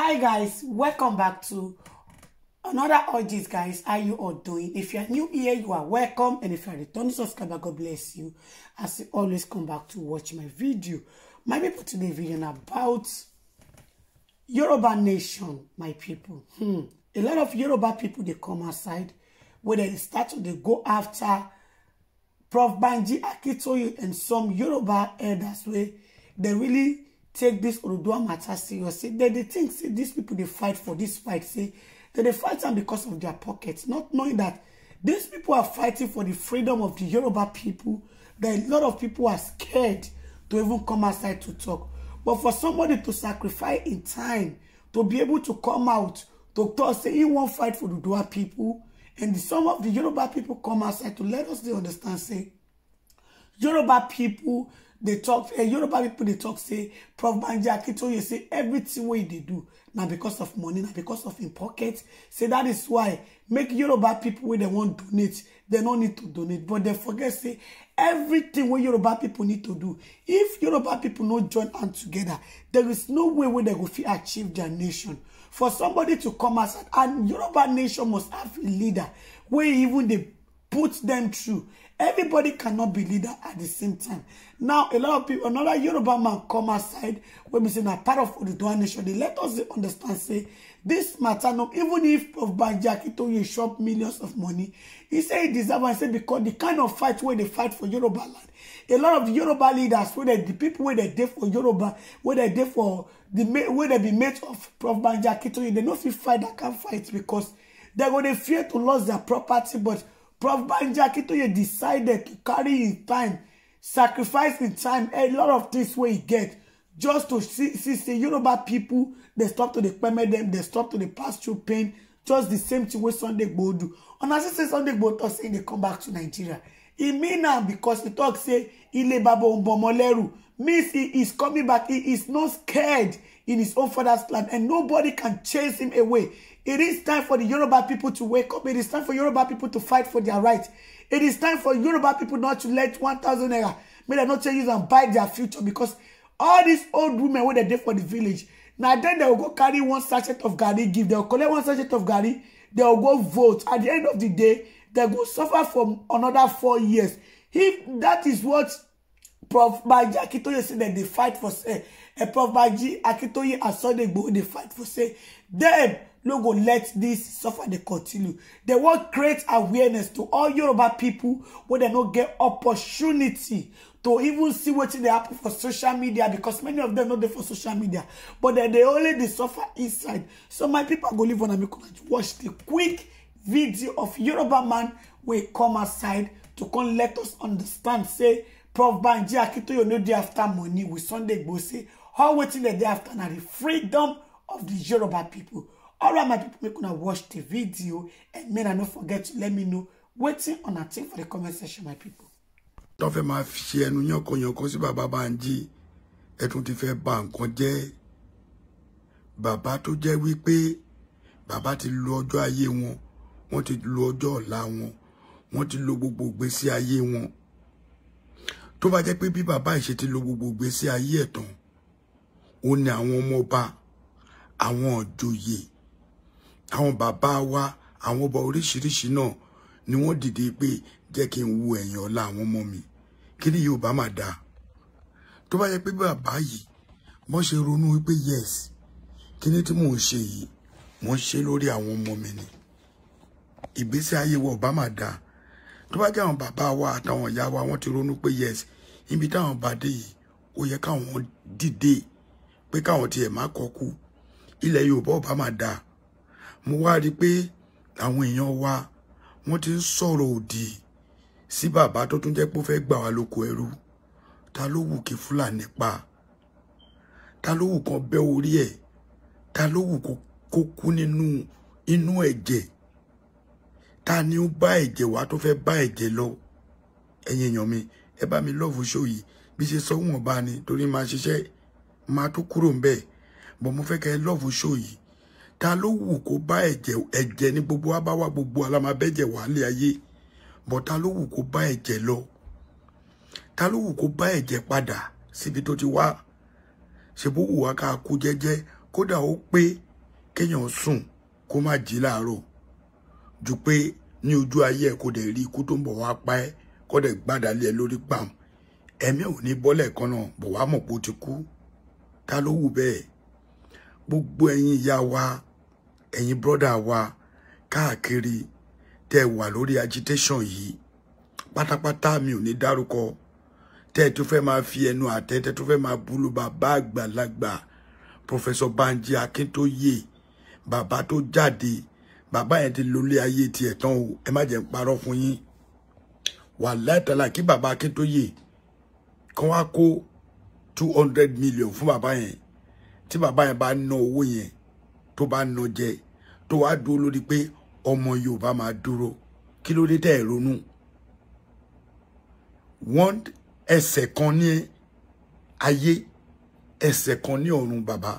hi guys welcome back to another urges guys how you all doing if you are new here you are welcome and if you are returning subscriber god bless you as you always come back to watch my video my people today video about Yoruba nation my people hmm. a lot of Yoruba people they come outside where they start to they go after Prof Banji Akintoye and some Yoruba elders where they really take this oduduwa matter serious They, they think see these people they fight for this fight See, dem dey fight am becos of their pockets not knowing that these people are fighting for the freedom of the yoruba people. that a lot of people are scared to even come outside to talk. but for somebody to sacrifice in time to be able to come out to tok say he won't fight for oduduwa people, and some of the yoruba people come outside to let us understand say yoruba people. They talk uh, yoruba pipo dey talk say prof banji akintoye say everything wey they do now because of money now because of in pocket say that is why make yoruba pipo wey dem wan donate They no need to donate but they forget say everything where yoruba people need to do if yoruba people no join hand together, there is no way where they will feel achieve their nation for somebody to come outside and yoruba nation must have a leader where even they put them through Everybody cannot be leader at the same time. Now, a lot of people, another Yoruba man come aside when we say na part of Oduduwa nation. They let us understand, say, this matter, no, even if Prof. told you Akintoye shop millions of money, he said he deserve I said because the kind of fight where they fight for Yoruba land, a lot of Yoruba leaders, where they, the people where they dey for Yoruba, where they dey for the where they be mate of Prof. told you they no fit fight that can fight because they go dey fear to lose their property, but Prof. Banji Akintoye decided to carry his time, sacrifice his time, a lot of things where he get just to see, see, see You know about people, they stop to the permit them, they stop to the pass through pain, just the same thing wey Sunday Igboho do. And as he say Sunday Igboho to saying they come back to Nigeria. E he mean now because the talk say ile baba umbomoleru means he is coming back. He is not scared in his own father's land and nobody can chase him away. It is time for the Yoruba people to wake up. It is time for Yoruba people to fight for their rights. It is time for Yoruba people not to let 1,000 naira make them not change and buy their future because all these old women wey dey for the village Now then they will go carry one sachet of gari, give they will collect one sachet of gari, they will go vote at the end of the day they will suffer from another four years if that is what prof baji Akitoye said that they fight for say eh, and eh, prof baji Akitoye and sunday igboho they fight for say dem no go let this suffer They continue They want create awareness to all yoruba people where they no get opportunity to even see what they happen for social media because many of dem not there for social media but dem dey only dey suffer inside so my people go live on and watch the quick video of yoruba man wey come aside to come let us understand say prof banji you know, dey after money with sunday go gbose how wetin dem dey after Now the freedom of the yoruba people all right my people make una watch the video and may i not forget to let me know Waiting on a thing for the comment section my people. tó fẹ́ máa fi ẹnu yànkanyànkan sí bàbá Bánjí ẹ tún ti fẹ́ bà nǹkan jẹ́ bàbá tó jẹ́ wípé bàbá ti lo ọjọ́ ayé wọn wọ́n ti lo ọjọ́ ọ̀la wọn wọ́n ti lo gbogbo ìgbésí ayé wọn tó bá jẹ́ pé bí bàbá ìṣe ti lo gbogbo ìgbésí ayé ẹ̀ tán ó ní àwọn ọmọọba àwọn òjòyè àwọn bàbá wa àwọn ọba oríṣiríṣi náà ni wọ́n dìde pé jẹ́ kí n wo ẹ̀yìn ọ̀la àwọn ọmọ mi kí ni yóò máa dáa tó bá yẹ pé bàbá yìí wọ́n ṣe ronú wípé yes kí ni tí mò ń ṣe yìí mò ń ṣe lórí àwọn ọmọ mi ni ìgbésí ayé wa ọba máa dáa tó bá jẹ́ àwọn bàbá wa àtàwọn ìyá wa wọ́n ti ronú pé yes ibi táwọn bá dé yìí ó yẹ káwọn dìde pé káwọn tiẹ̀ má kọ́ kú ilẹ̀ Yorùbá ọba máa dáa mo wá rí pé àwọn èèyàn wa wọ́n ti ń sọ̀rọ̀ òdì sí bàbá tó tún jẹ́ pé ó fẹ́ gbà wá lóko ẹrú ta ló wù kí Fúlàní pa ta ló wù kan bẹ́ orí ẹ̀ ta ló wù kó kú nínú inú ẹ̀jẹ̀ ta ni ó bá ẹ̀jẹ̀ wá tó fẹ́ bá ẹ̀jẹ̀ lọ ẹ̀yin èèyàn mi ẹ bá mi lọ́ọ̀fù ṣó yìí bí ṣe sọ wọn bá ni torí máa ṣiṣẹ́ máa tó kúrò ń bẹ̀ bọ̀ mo fẹ́ kẹ́ lọ́ọ̀fù ṣó yìí ta ló wù kó bá ẹ̀jẹ̀ ẹ̀jẹ̀ ní gbogbo wa bá wá gbogbo alámabẹ́jẹ̀ wàhálẹ̀ ayé bọ̀ ta ló wù kó bá ẹ̀jẹ̀ lọ ta ló wù kó bá ẹ̀jẹ̀ padà síbi tó ti wá ṣe bó wù wá ká kú jẹ́jẹ́ kódà ó pé kéèyàn sùn kó má jí láàárọ̀ ju pé ní ojú ayé ẹ̀ kó dẹ̀ rí ikú tó ń bọ̀ wá pa ẹ́ kó dẹ̀ gbádàálẹ̀ ẹ lórí pàm ẹ̀mí ò ní bọ́lẹ̀ kan náà bọ̀ wá mọ̀ pé ó ti kú ta ló wù bẹ́ẹ̀ gbogbo ẹ̀yin ìyá wa ẹ̀yin brọ́dà wa káàkiri tẹ́ wà lórí agitation yìí pátápátá mi ò ní dárúkọ tẹ́ tó fẹ́ máa fi ẹnu àtẹ́ tẹ́ tó fẹ́ máa búlù bàbá àgbàlagbà Professor Banji Akíntóyè bàbá tó jáde bàbá yẹn ti lólé ayé tiẹ̀ tán o ẹ má jẹ́ ń parọ́ fún yín wàláì tàlà kí bàbá Akíntóyè kan wá kó two hundred million fún bàbá yẹn tí bàbá yẹn bá ná owó yẹn tó bá nà jẹ tó wá dúró lórí pé ọmọ Yorùbá máa dúró kí ló dé tẹ́ ẹ̀ ronú wọ́n ẹsẹ̀ kan ní ayé ẹsẹ̀ kan ní ọ̀run bàbá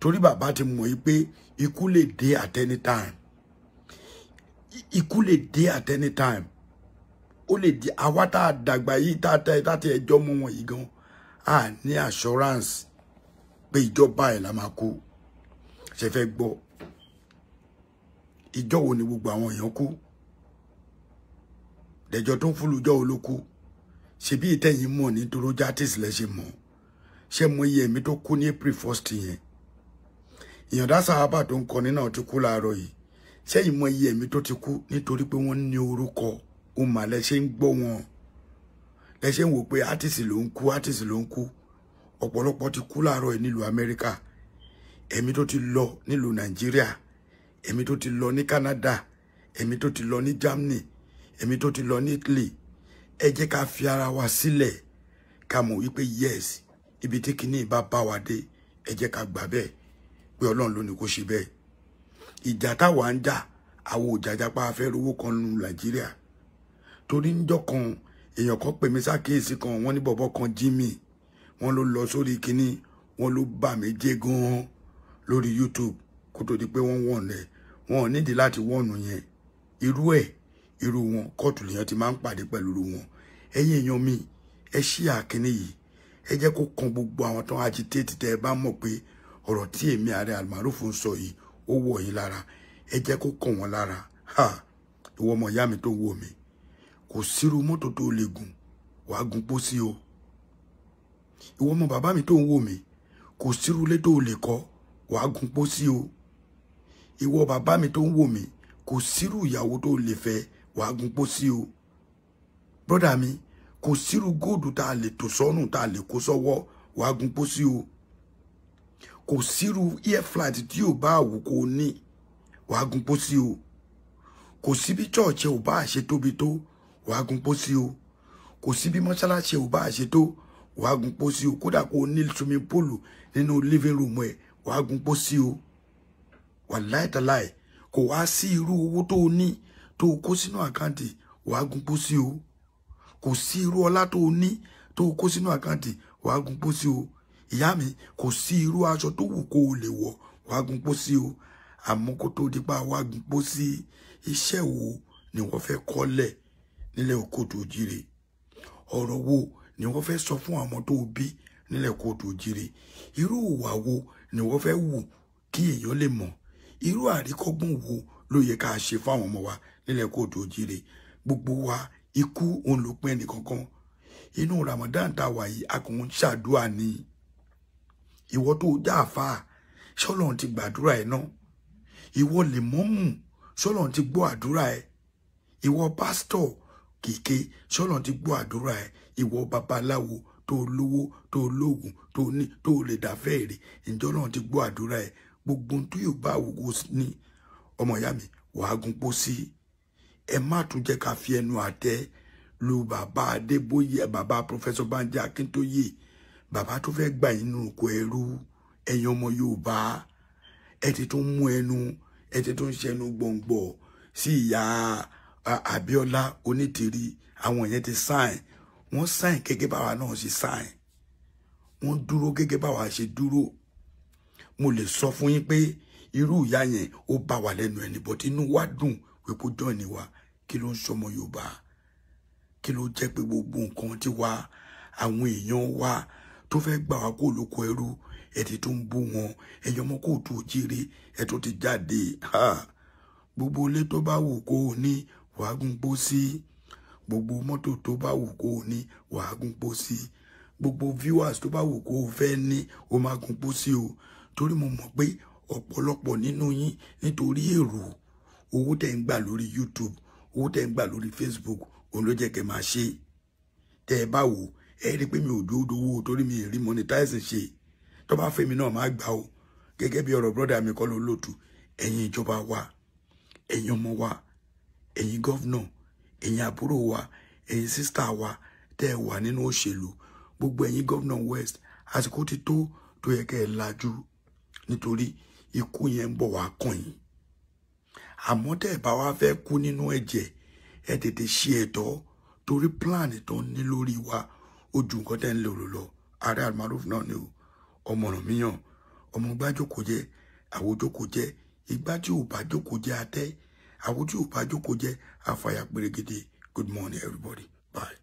torí bàbá ti mọ̀ yí pé ikú lè dé at any time ikú lè dé at any time ó lè di àwa tá a dàgbà yìí tá a ti ẹjọ́ mú wọn yìí gan a ní assurance pé ìjọba ẹ̀ la máa kú ṣe fẹ́ gbọ́ ìjọ wo ni gbogbo àwọn èèyàn kú dẹjọ tó ń fúlùjọ olóko ṣebí ìtẹ̀yìn mọ̀ ní dorojatis lẹ ṣe mọ̀ ṣe mọ iye ẹ̀mí tó kú ní april first yẹn ìyàndá sàábà tó ń kọni náà ti kú láàárọ̀ yìí ṣẹ́yìn mọ iye ẹ̀mí tó ti kú nítorí pé wọ́n ní orúkọ ó mà lẹ ṣe ń gbọ́ wọn lẹ ṣe ń wò pé átìsì ló ń kú átìsì ló ń kú ọ̀pọ̀lọpọ̀ ti kú láàárọ̀ yìí ẹ̀mí tó ti lọ nílùú nàìjíríà ẹ̀mí tó ti lọ ní Canada ẹ̀mí tó ti lọ ní Germany ẹ̀mí tó ti lọ ní Italy ẹ jẹ́ ká fi ara wa sílẹ̀ ká mọ̀ wípé yes ibi tí kinní bá bá wa dé ẹ jẹ́ ká gbà bẹ́ẹ̀ pé ọlọ́run ló ní kó ṣe bẹ́ẹ̀ ìjà táwa ń jà àwọn òjàjàpá afẹ́ rówó kan lu nàìjíríà torí níjọ́ kan èèyàn kan pè mí sákèésí kan wọ́n ní bọ̀bọ̀ kan Jimmy wọ́n ló lọ sórí kinní wọ́n ló bà mí jẹ́ gan-an lórí YouTube kó tó di pé wọ́n wọ̀n rẹ̀ wọ́n nídìí láti wọ̀nù yẹn irú ẹ̀ irú wọn kóòtù lèèyàn ti máa ń pàdé pẹ̀lú irú wọn ẹ̀yin èèyàn mi ẹ ṣí àkíní yìí ẹ jẹ́ kó kan gbogbo àwọn tó ń agitate tẹ́ ẹ bá mọ̀ pé ọ̀rọ̀ tí èmi ààrẹ Almaroof ń sọ yìí ó wọ̀ yín lára ẹ jẹ́ kó kàn wọ́n lára ha ìwọ ọmọ ìyá mi tó wò mí kò sírú mọ́tò tó lè gùn wàá gun pósí o ìwọ ọmọ bàbá mi tó ń wò mí kò sírú ilé tó lè kọ́ wàá gun pósí o ìwọ bàbá mi tó ń wò mí kò sírù ìyàwó tó lè fẹ́ wàá gun pósí o brọ́dà mi kò sírù góòdù tá a lè tò sọ́nù tá a lè kó sọ́wọ́ wàá gun pósí o kò sírù air flight tí ò bá àwòkọ ní wàá gun pósí o kò sí bí chọ́ọ̀chì ò bá àṣẹ tóbi tó wàá gun pósí o kò sí bí mọ́ṣáláṣí ò bá àṣẹ tó wàá gun pósí o kódà kó o swimming pool nínú living room ẹ̀ wàá gun pósí o wà láìtàláì kò wá sí irú owó tó o ní tó o kó sínú àkáǹtì wàá gun pósí o kò sí irú ọlá tó o ní tó o kó sínú àkáǹtì wàá gun pósí o ìyá mi kò sí irú aṣọ tó wù kó o lè wọ̀ wàá gun pósí o àmọ́ kó tó di pa wàá gun iṣẹ́ wo ni wọ́n fẹ́ kọ́lẹ̀ nílẹ̀ òkòtò òjìrè ọ̀rọ̀ wo ni wọ́n fẹ́ sọ fún àwọn tó o bí nílẹ̀ kóòtù òjire irú ìwà wo ni wọ́n fẹ́ wù kí èèyàn lè mọ̀ irú àríkọ́gbọ́n wo ló yẹ ká ṣe fáwọn ọmọ wa nílẹ̀ kóòtù òjire gbogbo wa ikú òun nìkankan inú Ramadan tá a wà yìí a kò ń ṣàdúrà ni ìwọ tó já àfa ṣọlọ́run ti gbàdúrà ẹ̀ náà ìwọ lè mọ́mù ṣọlọ́run ti gbọ́ àdúrà ẹ̀ ìwọ pásítọ̀ kìkì ṣọlọ́run ti gbọ́ àdúrà ẹ̀ ìwọ babaláwo tó lówó tó lóògùn tó ní tó lè dáfẹ́ èrè ǹjẹ́ ọlọ́run ti gbọ́ àdúrà ẹ̀ gbogbo ohun tó yóò bá àwòkọ ní ọmọ ìyá mi wàá gun pọ́ sí ẹ má tún jẹ́ ká fi ẹnu àtẹ́ lu bàbá adébóyè bàbá pọfẹsọ banjẹ akíntóyè bàbá tó fẹ́ gbà yín nínú oko ẹrú ẹ̀yin ọmọ yorùbá ẹ ti tún mú ẹnu ẹ ti tún ṣẹnu gbọ̀ngbọ̀ sí ìyá abíọ́lá onítìrí àwọn yẹn ti sáìn wọ́n sáìn gẹ́gẹ́ báwa náà ṣe sáìn wọ́n dúró gẹ́gẹ́ báwa ṣe dúró mo lè sọ fún yín pé irú ìyá yẹn ó bá wà lẹ́nu ẹni bọ́tí inú wa dùn wípé ó jọ̀ọ́ ni wa kí ló ń sọmọ Yorùbá kí ló jẹ́ pé gbogbo nǹkan ti wá àwọn èèyàn wa tó fẹ́ gbà wá kó lóko ẹrú ẹ̀tì tó ń bú wọn ẹ̀yọ́ ọmọ kóòtù òjìrè ẹ̀tọ́ ti jáde gbogbo ilé tó bá wù kó o ní wàá gún gbó sí. Si gbogbo mọ́tò tó bá wù kó o ní wàá gun pó sí i gbogbo viewers tó bá wù kó o fẹ́ ní o máa gun pó sí o torí mo mọ̀ pé ọ̀pọ̀lọpọ̀ nínú yín nítorí èrò owó tẹ̀ ń gbà lórí YouTube owó tẹ̀ ń gbà lórí Facebook òun ló jẹ́ kẹ́ máa ṣe tẹ́ ẹ bá wò ẹ rí i pé mi ò dúró owó torí mi rí monetize ṣe tó bá fẹ́ mi náà má gbà o gẹ́gẹ́ bí ọ̀rọ̀ brọ́dà mi kọ́ ló lòtù ẹ̀yin ìjọba wa ẹ̀yin ọmọ wa ẹ̀yin gọ́fúnà ẹ̀yin àbúrò wa ẹ̀yin sísítà wa tẹ́ ẹ wà nínú òṣèlú gbogbo ẹ̀yin gómìnà west àsìkò ti tó tó yẹ kẹ́ ẹ lajú nítorí ikú yẹn ń bọ̀ wá kàn yín àmọ́ tẹ́ ẹ bá wá fẹ́ kú nínú ẹ̀jẹ̀ ẹ tètè ṣe ẹ̀tọ́ torí plan tó ń ní lórí wa ojú nǹkan tẹ́ ń lò lò lọ ààrẹ almaruf náà ni ọmọràn míyàn ọmọ gbájókòó jẹ àwòjókòó jẹ igbá ò bá jókòó jẹ atẹ́ àwùjọ òbájókòó jẹ́ àfàyà pérégede good morning everybody bye.